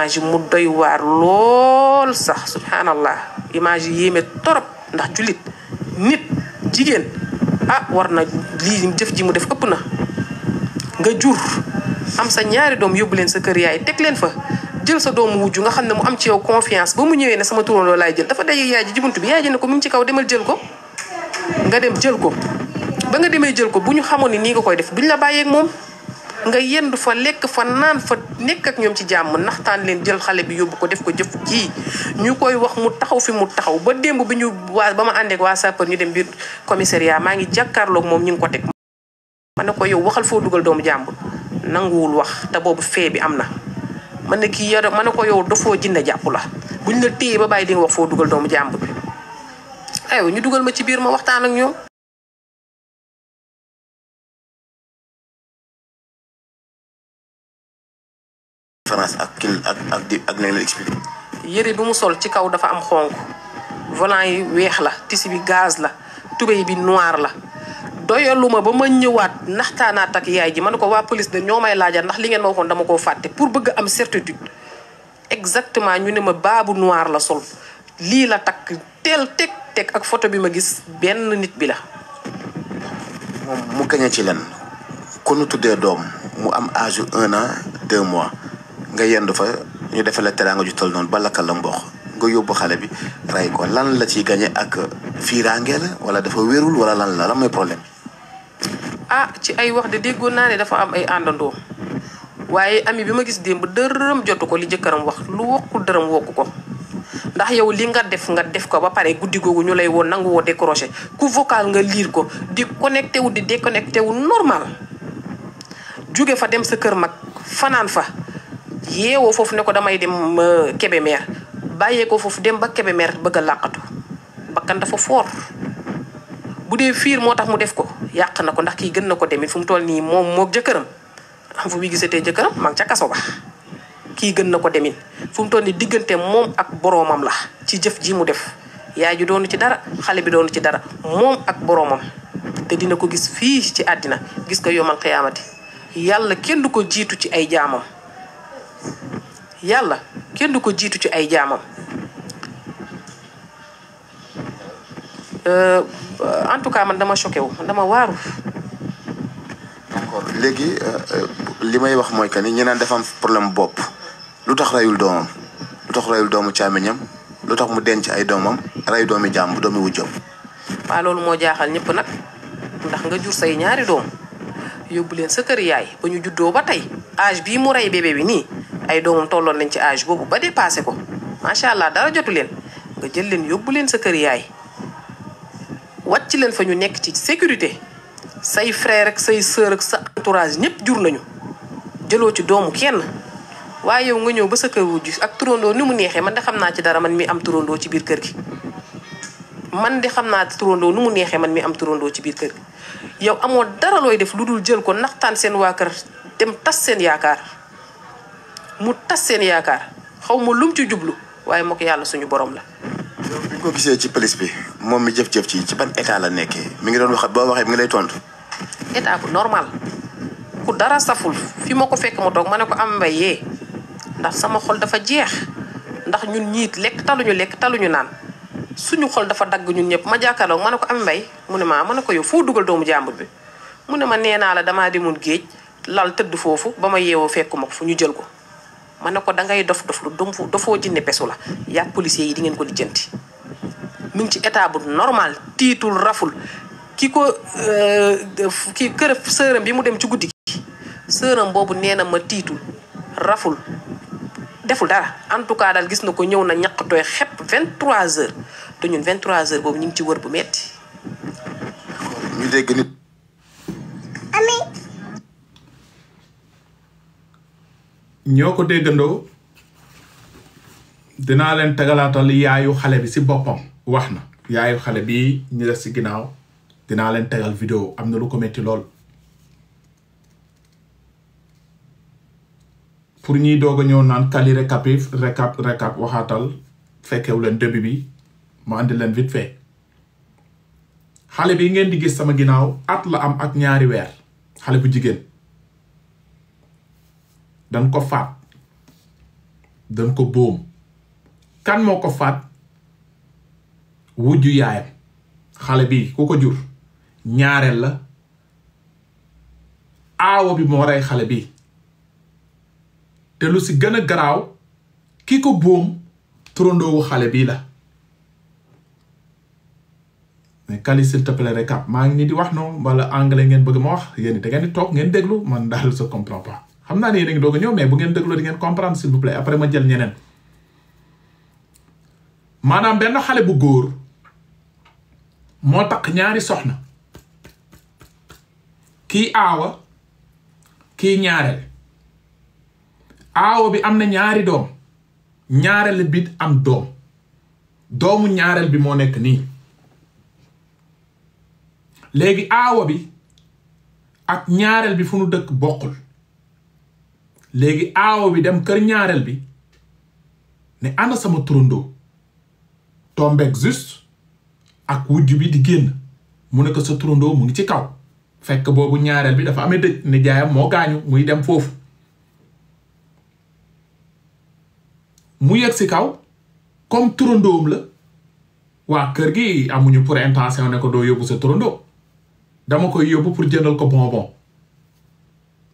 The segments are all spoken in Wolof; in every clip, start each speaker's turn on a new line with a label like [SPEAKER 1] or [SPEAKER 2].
[SPEAKER 1] image yi mu doy waar lool sax subhanallah image yi yéeme torop ndax jullit nit jigéen ah war na lii jëf ji mu def ëpp na nga jur am sa ñaari doom yóbbu leen sa kër yaay teg leen fa jël sa doomu wujju nga xam ne mu am ci yow confiance ba mu ñëwee ne sama turandoo laay jël dafa day yaay ji jibuntu bi yaay ji ne ko mu ngi ci kaw demal jël ko nga dem jël ko ba nga demee jël ko bu ñu xamoon ni nga koy def duñ la bàyyeeg moom nga yend fa lekk fa naan fa nekk ak ñoom ci jàmm naxtaan leen jël xale bi yóbbu ko def ko jëf ji ñu koy wax mu taxaw fi mu taxaw ba démb bi ñu waa ba ma àndeek waa sapeur ñu dem biir commissariat maa ngi jàkkaarloog moom ñu ngi ko teg ma ne ko yow waxal foo dugal doomu jàmbul nanguwul wax te boobu fee bi am na ma ne kii yore ma ne ko yow dafoo jinne jàpp la buñ la téye ba bàyyi di wax foo dugal doomu jàmbur bi ñu dugal ma ci biir ma waxtaan ak ñoom
[SPEAKER 2] différence ak kin ak ak di ak
[SPEAKER 1] bi mu sol ci kaw dafa am xonk volant yu weex la tisi bi gaz la tubéy bi noir la doyaluma ba ma ñëwaat naxtaanaat ak yaay ji man ne ko waa police de ñoo may laajal ndax li ngeen ma waxoon dama koo fàtte pour bëgg am certitude exactement ñu ne ma baabu noir la sol lii la takk teel teg teg ak photo bi ma gis benn nit bi la. moom mu gañe ci len ku tuddee doom mu am âge un an
[SPEAKER 3] deux nga yendu fa ñu defee la teraanga ju toll noonu ba lakkal la mboq nga yóbbu xale bi rey ko lan la ci gañe ak fiiraange la wala dafa wérul wala lan la lan mooy problème
[SPEAKER 1] ah ci ay wax de déggoon naa ne dafa am ay àndandoo waaye ami bi ma gis démb dërëm jotu ko li jëkkëram wax lu wokkul dërëm wokku ko ndax yow li nga def nga def ko ba pare guddi googu ñu lay woon nanguwoo de décroché ku vocal nga liir ko di connecté wu di déconnecté wu normal jóge fa dem sa kër mag fanaan fa yeewoo foofu ne ko damay dem Kébémer bàyyee ko foofu dem ba Kébémer bëgg a làqatu bakkan dafa foor bu dee fiir moo tax mu def ko yàq na ko ndax kii gën na ko demit fu mu toll nii moom moog jëkkëram am fu muy gisatee jëkkëram maa ngi ca kii gën na ko demit fu mu toll nii diggante moom ak boroomam la ci jëf ji mu def yaay ju doonu ci dara xale bi doonu ci dara moom ak boroomam te dina ko gis fii ci àddina gis ko yomal xiyaamati yàlla kenn du ko jiitu ci ay jaamam yàlla kenn du ko jiitu ci ay jaamam euh, en tout cas man dama choqué wu man dama waaru.
[SPEAKER 3] léegi euh, li may wax mooy que ni ñu naan dafa am problème bopp lu tax rayul doomam lu tax rayul doomu caamiñam lu tax mu denc ay doomam ray doomi jàmm doomi wujjam.
[SPEAKER 1] waaw loolu moo jaaxal ñépp nag ndax nga jur say ñaari doom yóbbu leen sa kër yaay ba ñu juddoo ba tey âge bii mu rey bébé bi nii. ay doomam tolloon nañ ci âge boobu ba dépassé ko macha allah dara jotu leen nga jël leen yóbbu leen sa kër yaay wàcc leen fa ñu nekk ci sécurité say frère ak say sœur ak sa entourage ñëpp jur nañu jëloo ci doomu kenn waaye yow nga ñëw ba sa kër wujj ak turandoo ni mu neexee man de xam naa ci dara man mi am turandoo ci biir kër gi. man de xam naa turandoo nu mu neexee man mi am turandoo ci biir kër gi yow amoo dara looy def lu dul jël ko naxtaan seen waa kër dem tas seen yaakaar. mu tas seen yaakaar xaw ma lum ci jublu waaye moo ko yàlla suñu borom la.
[SPEAKER 3] yow bi ko gisee ci police bi moom mi jëf-jëf ci ci ban état la nekkee mi ngi doon wax boo waxee mi ngi lay tontu.
[SPEAKER 1] état bu normal ku dara saful fi ma ko fekk ma toog ma ne ko am mbay yee ndax sama xol dafa jeex ndax ñun ñiit lekk taluñu lekk taluñu naan suñu xol dafa dagg ñun ñëpp ma jàkkaarloog ma ne ko am mbay mu ne maa ma ne ko yow foo dugal doomu jàmbur bi mu ne ma nee naa la damaa demoon géej lal tëdd foofu ba ma fekkuma fu ñu jël ko. man ne ko da ngay dof dof lu dof dofoo jinne pesu la yaa policiers yi di ngeen ko lijjanti mu ngi ci état bu normal tiitul raful ki ko euh, ki kër sëram bi mu dem ci guddi gi sëram boobu nee na ma tiitul raful deful dara en tout cas daal gis na ko ñëw na ñaq tooy xepp trois heures te ñun 23 heures boobu ñu ngi ci wër bu metti
[SPEAKER 3] ñu dégg nit.
[SPEAKER 4] ñoo ko déggandoo dinaa leen tegalaatal yaayu xale bi ci boppam wax na yaayu xale bi ñu des si ginnaaw dinaa leen tegal vidéo am na lu ko metti lool pour ñuy doog a ñëw naan kali récap récap waxaatal fekkewu leen début bi ma andi leen vite fait xale bi ngeen di gis sama ginnaaw at la am ak ñaari weer xale bu jigéen dañ ko fat, dañ ko boom kan moo ko fat, wujju yaayam xale bi ku ko jur ñaareel la aawo bi moo rey xale bi te lu si gën a garaaw ki ko boom turandoowu xale bi la mais kali s'il te plaît recap maa ngi ni di wax noonu wala anglais ngeen bëgg ma wax yéen da ngeen di toog ngeen déglu man daal se comprend pas xam naa ne yéen a ngi doog ñëw mais bu ngeen dégloo di ngeen comprendre s'il vous plaît après ma jël ñeneen maanaam benn xale bu góor moo tax ñaari soxna kii aawa kii ñaareel aawa bi am na ñaari doom ñaareel bi am doom doomu ñaareel bi moo nekk nii léegi aawa bi ak ñaareel bi fu nu dëkk bokkul léegi aawo bi dem kër ñaareel bi ne ana sama turandoo tombeeg juste ak wujj bi di génn mu ne ko sa turandoo mu ngi ci kaw fekk boobu ñaareel bi dafa amee dëj ne jaayam moo gaañu muy dem foofu mu yegg si kaw comme turandoom la waa kër gi amuñu pour intention ne ko doo yóbbu sa turandoo dama koy yóbbu pour jëndal ko bonbon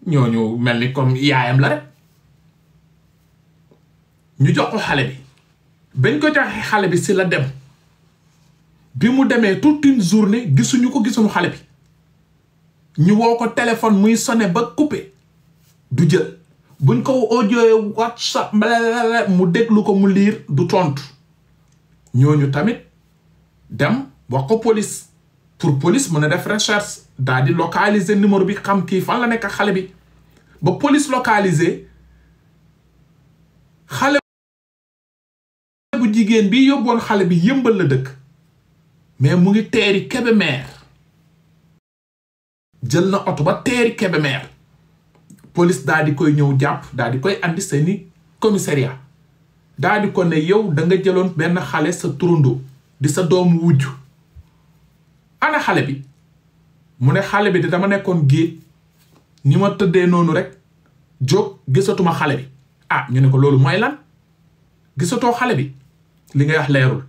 [SPEAKER 4] ñooñu mel ni comme yaayam la rek ñu jox ko xale bi bañ ko joxee xale bi si la dem bi mu demee toute une journée gisuñu ko gisuñu xale bi ñu woo ko téléphone muy sonne ba coupé du jël buñ ko audio whatsapp mu déglu ko mu liir du tontu ñooñu tamit dem wax ko police pour police mën a def recherche daal di localiser numéro bi xam kii fan la nekk xale bi ba police localisée xale bu jigéen bi yóbboon xale bi yëmbal la dëkk mais mu ngi teeri Kébémer jël na oto ba teeri Kébémer police daa di koy ñëw jàpp daa di koy andi seeni commissariat daa di ko ne yow danga jëloon benn xale sa turundoo di sa doomu wujj ana xale bi mu ne xale bi de dama nekkoon géej ni ma tëddee noonu rek jóg gisatuma xale bi ah ñu ne ko loolu mooy lan gisatoo xale bi li ngay wax leerul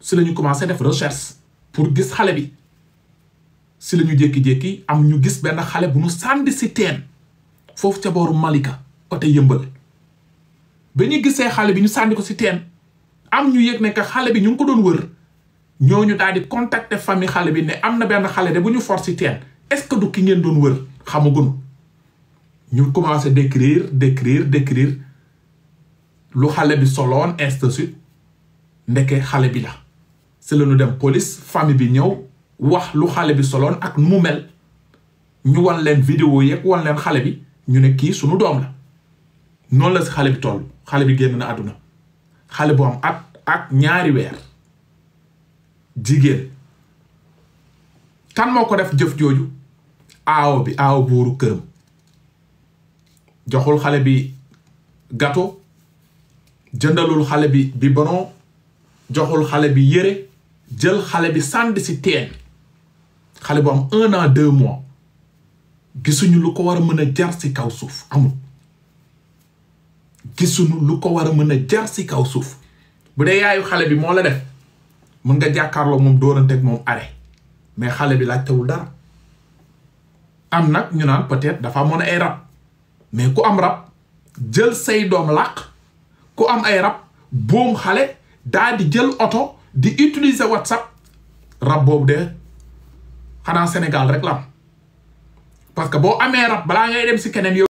[SPEAKER 4] si la ñu commencé def recherche pour gis xale bi si la ñu jékki-jékki am ñu gis benn xale bu ñu sànni si teen foofu ca booru Malika côté yëmbal ba ñu gisee xale bi ñu sànni ko si teen am ñu yëg ne que xale bi ñu ngi ko doon wër ñooñu daal di contacter famille xale bi ne am na benn xale de bu ñu force si teen est-ce que du ki ngeen doon wër. xamaguñu ñu commencé décrire décrire décrire lu xale bi soloon ainsi suite ndeke xale bi la si la dem police famille bi ñëw wax lu xale bi soloon ak nu mu mel ñu wan leen vidéo yeeg wan leen xale bi ñu ne kii sunu doom la noonu la si xale bi toll xale bi génn na àdduna xale bu am at ak ñaari weer jigéen kan moo ko def jëf jooju aawo bi aaw buuru këram joxul xale bi gâteau jëndalul xale bi bi biberon joxul xale bi yére jël xale bi sànni si teen xale bu am un an deux mois gisuñu lu ko war a mën a jar si kaw suuf lu ko war a mën a jar si kaw suuf bu dee yaayu xale bi moo la def mën nga jàkkaarloo moom dóoranteeg moom are mais xale bi laajtewul dara am nag ñu naan peut-être dafa amoon ay rab mais ku am rab jël say doom làq ku am ay rab boom xale daa di jël oto di utiliser WhatsApp rab boobu de xanaa Sénégal rek la parce que boo amee rab balaa ngay dem si keneen yow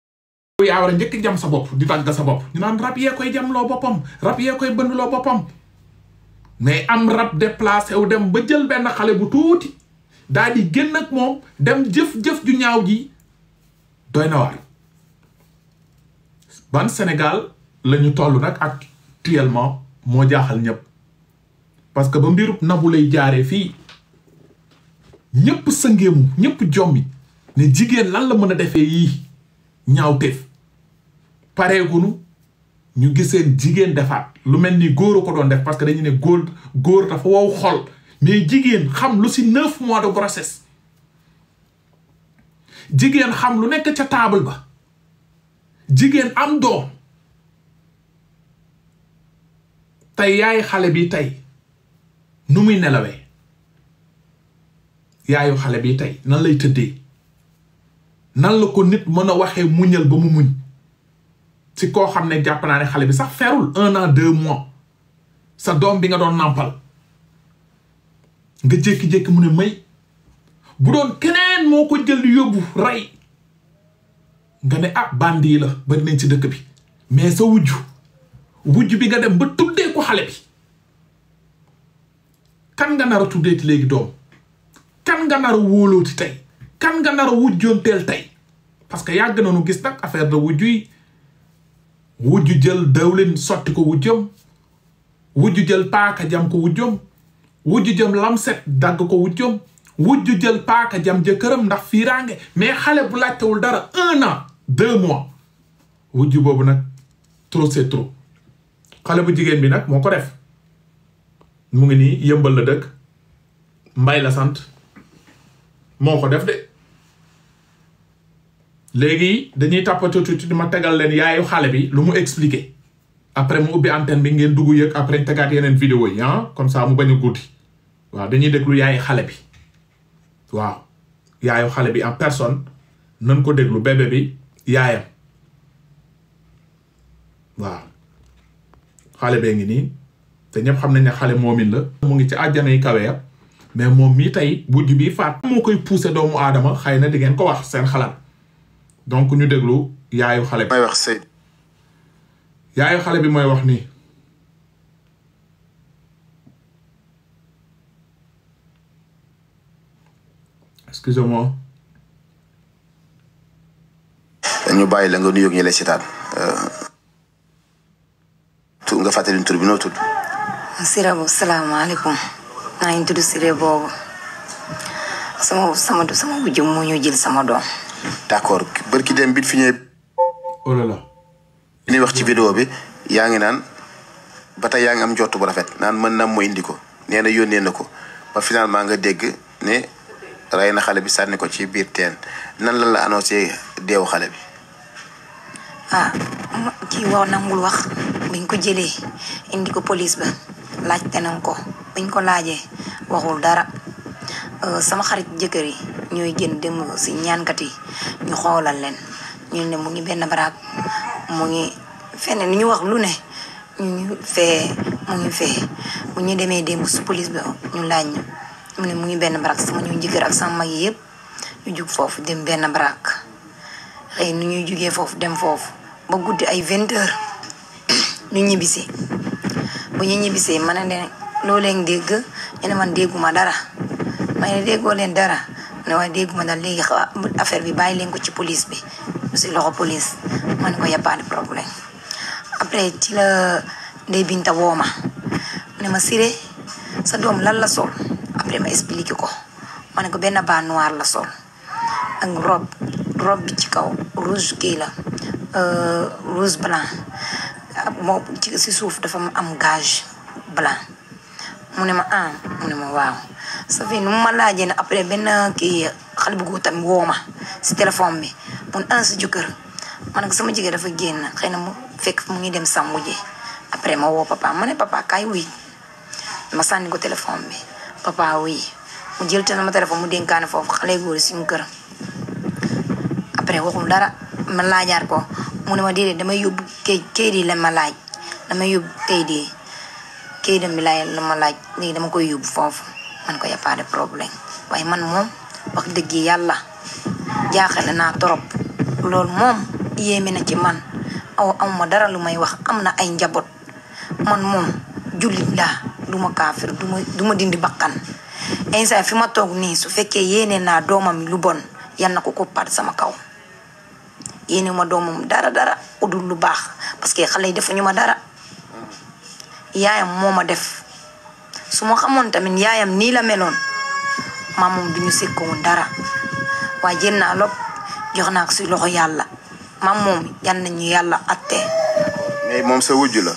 [SPEAKER 4] yaa war a njëkk jam sa bopp di dagg sa bopp ñu naan rab yee koy jamloo boppam rab yee koy bëndloo boppam mais am rab déplacé wu dem ba jël benn xale bu tuuti daal di génn ak moom dem jëf-jëf ju ñaaw ji doy na waar ban Sénégal la ñu toll nag actuellement moo jaaxal ñëpp parce que ba mbiru nabu lay jaaree fii ñëpp sëngeemu ñëpp jommi ne jigéen lan la mën a defee yi ñaaw teef pareegunu ñu giseen jigéen defaat lu mel ni góor ko doon def parce que dañu ne góor góor dafa wow xol mais jigéen xam lu si neuf de grossesse jigéen xam lu nekk ca taabal ba jigéen am doom tey yaay xale bi tey nu muy nelawee yaayu xale bi tey nan lay tëddee nan la ko nit mën a waxee muñal ba mu muñ si koo xam ne jàpp naa ne xale bi sax ferul un an deux mois sa doom bi nga doon nàmpal nga jékki-jékki mu ne may bu doon keneen moo ko jël yóbbu rey nga ne ab ah, bandi la bari nañ ci dëkk bi mais sa wujju wujju bi nga dem ba tuddee ko xale bi kan nga nar tuddee tuddeeti léegi doom kan nga nar a wóolooti tey kan nga nar a wujjoonteel tey parce que yàgg na nu gis nag affaire de wujju yi wujju jël dawlin sotti ko wujjoom wujju jël paaka jam ko wujjoom wujj jëm lamset dagg ko wujjam wujj jël paaka jam jëkkëram ndax fiiraange mais xale bu laajtewul dara un an deux mois wujj boobu nag trop c'est trop xale bu jigéen bi nag moo ko def mu ngi nii yëmbal la dëkk mbay la sant moo ko def de léegi dañuy tàppatoo tooti di ma tegal leen yaayu xale bi lu mu expliqué après mu ubbi antenne bi ngeen dugg yëg après tegaat yeneen vidéo yi ah comme ça mu bañu a guddi waaw dañuy déglu yaayu xale bi waaw yaayu xale bi en personne nan ko déglu bebe bi yaayam waaw xale bee ngi nii te ñëpp xam nañ ne xale moomin la mu ngi ci àjjana yi kawe mais moom mii tey wujj bi faat moo koy poussé doomu aadama xëy na di ngeen ko wax seen xalaat donc ñu déglu yaayu xale bi mooy wax sëy xale bi mooy wax nii excusez-moi.
[SPEAKER 3] ñu bàyyi la nga nuyoog ñi lay seetaan euh, tu nga fàttali tur bi noo tudd.
[SPEAKER 2] Sira boobu salaamaaleykum maa ngi tudd Sira boobu sama sama sama wujj moo ñu jël sama do.
[SPEAKER 3] d'accord barki dem bi fi ñëwee. oh là là. ni wax ci vidéo bi yaa naan ba tey am njort bu rafet naan mën na nee ba finalement nga dégg rey na xale bi sànni ko ci biir teen nan lan la annoncé deewu xale bi.
[SPEAKER 2] ah kii waaw nangul wax biñ ko jëlee indi ko police ba laajte nañ ko biñ ko laajee waxul dara euh, sama xarit jëkkër yi ñooy jën dem si ñaankat yi ñu xoolal leen ñu ne mu ngi benn baraag mu ngi feneen ñu wax lu ne ñu ngi fee mu ngi fee bu ñu demee démb si police ba ñu laaj ñu. mu ne mu ngi benn barak sama ñu jigeer ak sama mag yépp ñu jug foofu dem benn barak xëy nu ñuy jugee foofu dem foofu ba guddi ay 20 heures ñu ñibbisi bu ñu ñibbisee ma ne leen loo leen dégg ñu ne man dégguma dara ma ne déggoo leen dara ne waaye dégguma dara léegi affaire bi bàyyi leen ko ci police bi si loxo police man ko y'a pas de problème après ci la ndey binta wooma ne ma siré sa doom lan la sol après ma expliqué ko ma ne ko benn bas noir la sol ak robe robe bi ci kaw rouge kii la euh, rouge blanc moo si suuf dafa am gage blanc mu ne ma ah mu ne ma waaw sa fi nu ma laa ne après benn kii xale bu góor tamit woo ma si téléphone bi mun an ah, si jëkkër ma ne ko sama jigéen dafa génn xëy na mu fekk mu ngi dem sangu ji après ma woo papa ma ne papa kaay wuy ma sànni ko téléphone bi. papa wi mu jël tan ma téléphone mu dénkaane fofu xalé goor suñu kër après waxum dara ma laajaat ko mu ne ma dédé dama yobbu kay kay di lan ma laaj dama yóbbu kay di kay dem bi laay la ma laaj ni dama koy yobbu fofu man ko y pas de problème way man mom wax dëgg yalla jaaxal na torop lool mom yéeme na ci man aw amuma dara lu may wax amna na ay njabot man mom julit la duma kafir duma duma dindi bakkan sa fi ma tok ni su yene na doma mi lu bon yal na ko ko par sama kaw yene ma domum dara dara udul lu bax parce que xale yi ñuma dara yaayam moma def su ma xamoon tamit yaayam ni la melon mamum moom duñu sekkoon dara wa jenna naa joxna ak su loxo yalla mamum yan nañu yàlla atte
[SPEAKER 3] mais sa wujju la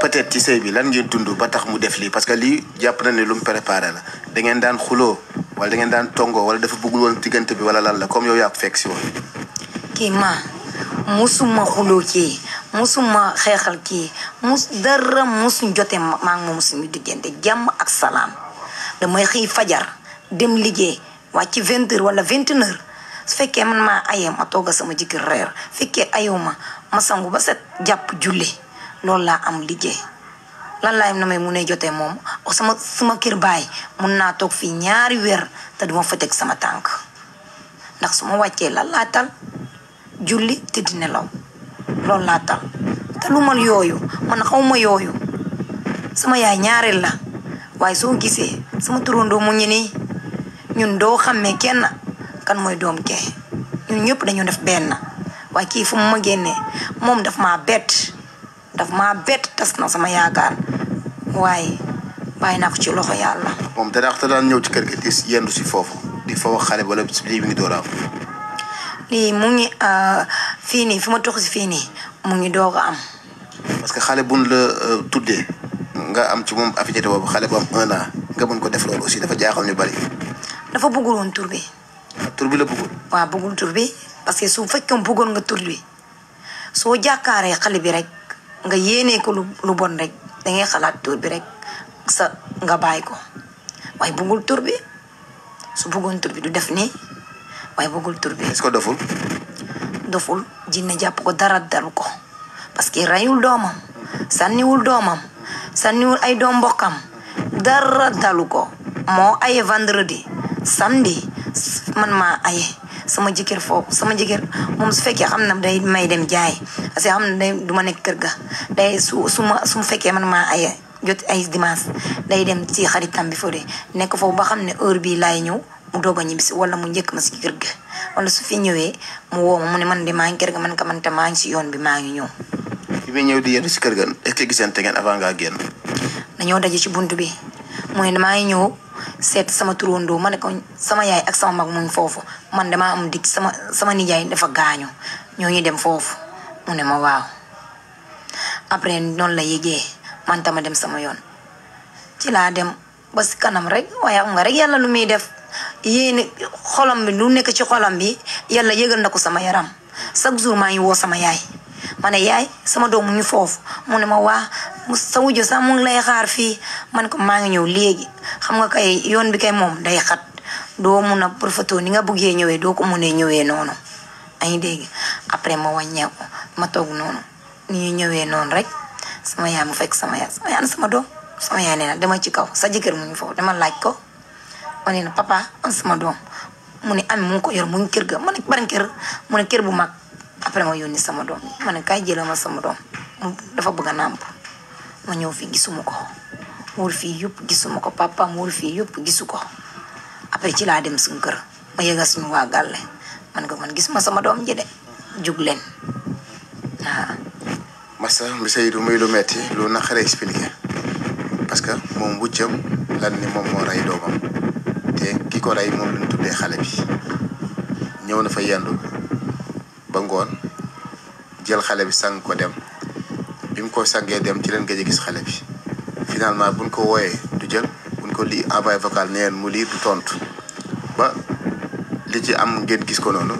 [SPEAKER 3] peut-être ci sey bi lan ngeen dund ba tax mu def lii parce que lii jàpp na ne lu mu préparé la da ngeen daan xuloo wala da ngeen daan tongoo wala dafa bëggul woon bi wala lan la comme yow yaa ko fekk si woon
[SPEAKER 2] ma musuma xuloo musuma mus dara musu jote maa ngi moom suñu diggante jàmm ak salam damay xëy fajar dem liggéey wàcc vingt heures wala vingt une heures su fekkee man maa ayee ma togga sama jëkkër reer fekkee ayoo ma sangu ba set julli lol la am liggéey lan lay na mune joté mom o sama suma kër bay mën na tok fi ñaari wër té duma fa ték sama tank. ndax suma waccé lan la tal julli té di nelaw lol la tal té lu man yoyu man xawma yoyu sama yaay ñaarel la way so gisee sama turundo mu ñini ñun do xamé kenn kan moy dom ké ñun ñëpp dañu def ben way ki fu ma génné mom daf ma daf ma bet tas na sama yaakaar waaye bàyyi ko ci loxo yàlla.
[SPEAKER 3] moom dara ta daan ñëw ci kër di yendu si foofu di fa wax xale wala lii mi ngi
[SPEAKER 2] mu ngi ma tox si fii nii mu ngi doog a am.
[SPEAKER 3] parce que xale buñ la e, tuddee nga am ci moom affinité boobu xale bu am an nga mën ko def loolu aussi dafa jaaxal ñu bari.
[SPEAKER 2] dafa bëggul bi. bi la bëggul. bëggul bi parce que su nga bi xale bi rek nga yene ko lu bon rek da ngay xalat tour bi rek sa nga bay ko way bugul tour bi su bugon tour bi du def ni way bugul tour bi. est-ce doful. doful jinne ko dara dal ko parce que rayul domam saniwul domam saniwul ay dom bokam dara dalu ko mo ay vendredi samedi man ma aye sama jikir fop sama jikir mom su fekke xamna day may dem jaay parce que xam ne day du ma nekk kër ga day su su ma su fekkee man maa aye jot ay dimanche day dem ci xaritam bi foo de nekk ba xam ne heure bii laay ñëw mu wala mu njëkk ma kër ga wala su fi ñëwee mu woo ma mu ne man de maa ngi kër ga man ka man te maa ngi si yoon bi maa ngi ñëw.
[SPEAKER 3] bi may ñëw di yéen si kër ga est ce ngeen avant
[SPEAKER 2] ci buntu bi mooy maa ngi ñëw seet sama turandoo ma ko sama yaay ak sama mag mu ngi foofu man damaa am sama sama nijaay dafa gaañu ñoo ñu dem mu ne ma waaw après noonu la yëgee man tama dem sama yoon ci laa dem ba si kanam rek waaye nga rek yàlla lu muy def yéene xolam bi lu nekk ci xolam bi yàlla yëgal na ko sama yaram chaque jour maa ngi woo sama yaay ma ne yaay sama doom mu ngi foofu mu ne ma waa sa wujjo sax mu lay xaar fii man ko maa ngi ñëw léegi xam nga kay yoon bi kay moom day xat doo mun a profité ni nga bëggee ñëwee doo ko munee ñëwee noonu. ay dégg après ma wàññeeku ma toog non ni ñu non rek sama yaa mu fekk sama yaa sama yaa sama do sama yaa nee dama ci kaw sa jëkër mu ñu fo dama laaj ko na papa an sama do mu ne am mu ko yor mu ñu kër ga ma ne ban kër mu ne kër bu mag après ma yoni sama do sama do dafa bëgg ma ñëw fi gisuma ko wóor fii ko papa mu wul fi yup gisuko après ci la dem suñu kër ma yëgal suñu wa galé man ko man gisuma sama doom ji de jug leen
[SPEAKER 3] waaw. Massa Mbisey du muy lu metti lu naqaree expliqué parce que moom wujjam lan ni moom moo rey doomam te ki ko rey moom lañ tuddee xale bi ñëw na fa yandu ba ngoon jël xale bi sang ko dem bi ko sangee dem ci leen gëj a gis xale bi finalement buñ ko wooyee du jël buñ ko lii envoyé vocal nee mu lii du tontu. li ci am ngeen gis ko noonu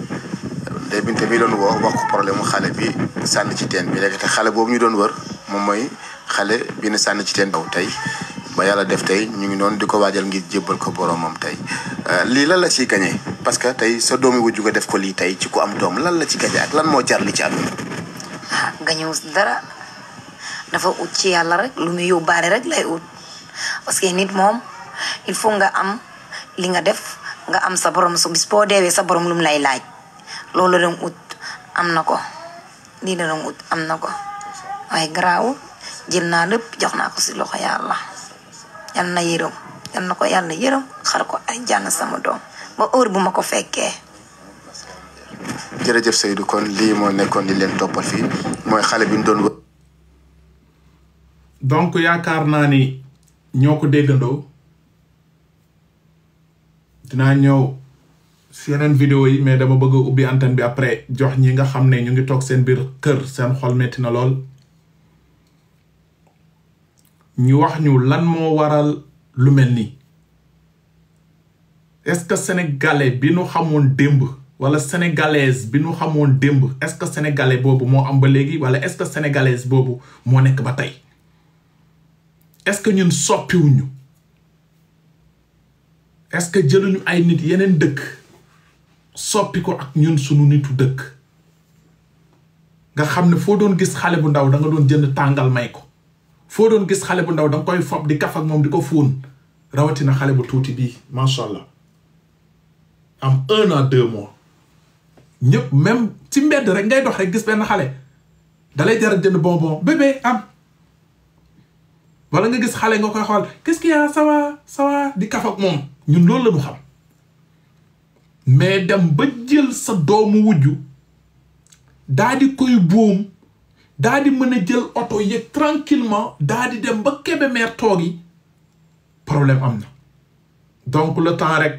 [SPEAKER 3] day binte mi doon woo wax problème xale bi sànni ci teen bi léegi xale boobu ñu doon wër moom mooy xale bi ne ci teen daw tey ba yàlla def tey ñu ngi noonu di ko waajal ngir jébbal ko boromam tey euh, lii lan la ciy gañee parce que tey sa doomi wujju nga def ko lii tey ci ku am doom lan la ci gañee ak lan moo jar li ci am
[SPEAKER 2] ah, gañewu dara dafa ut ci yàlla rek lu muy yóbbaale rek lay ut parce que nit moom il faut nga am li nga def nga am sa borom su bis boo deewee sa borom lum lay laaj loolu doon ut am na ko lii la doon ut am na ko waaye garaaw jël naa lépp jox naa ko si loxo yàlla yal na yërëm yal ko yàlla yërëm xar ko ay jànn sama doom ba heure bu ma ko fekkee.
[SPEAKER 3] jërëjëf Seydou kon lii moo nekkoon li leen toppal fii
[SPEAKER 4] mooy xale bi ñu doon. donc yaakaar naa ni ñoo ko déggandoo. dinaa ñëw si yeneen vidéo yi mais dama bëgg a ubbi antenne bi après jox ñi nga xam ne ñu ngi toog seen biir kër seen xol metti na lool ñu wax ñu lan moo waral lu mel nii est-ce que sénégalais bi nu xamoon démb wala sénégalaise bi nu xamoon démb est-ce que sénégalais boobu moo am ba léegi wala est-ce que sénégalaise boobu moo nekk ba tey est-ce que ñun soppiwuñu est-ce que jëluñu ay nit yeneen dëkk soppi ko ak ñun sunu nitu dëkk nga xam ne foo doon gis xale bu ndaw danga doon jënd tàngal may ko foo doon gis xale bu ndaw da nga koy fob di kaf ak moom di ko fóon rawatina xale bu tuuti bii macha allah am un à deux mois ñëpp même ci mbedd rek ngay dox rek gis benn xale dalay jar jënd bonbon bébé am. wala nga gis xale nga koy xool qu'est-ce qu'il y a di kaf ak moom. ñun loolu la ñu xam mais dem ba jël sa doomu wujju daa di koy boom daa di mën a jël oto yeeg tranquillement daa di dem ba Kébémer toogi problème am na donc le temps rek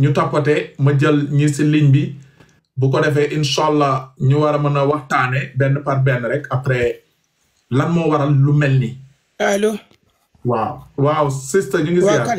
[SPEAKER 4] ñu tappate ma jël ñi si ligne bi bu ko defee incha allah ñu war a mën a waxtaane benn par benn rek après lan moo waral lu mel ni allo waaw waaw sister ñu ngi siyaar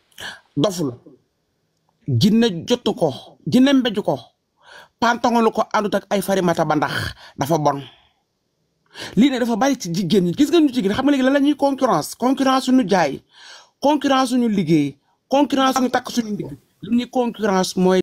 [SPEAKER 4] doful jinne jotu ko jinne mbéju ko pantongalu ko àndut ak ay farimata ba ndax dafa bon lii ne dafa bari ci jigéen ñi gis nga ñu jigéen xam nga léegi lan la ñuy concurrence concurrence suñu jaay concurrence suñu liggéey concurrence suñu takk suñu ndigg li ñuy concurrence mooy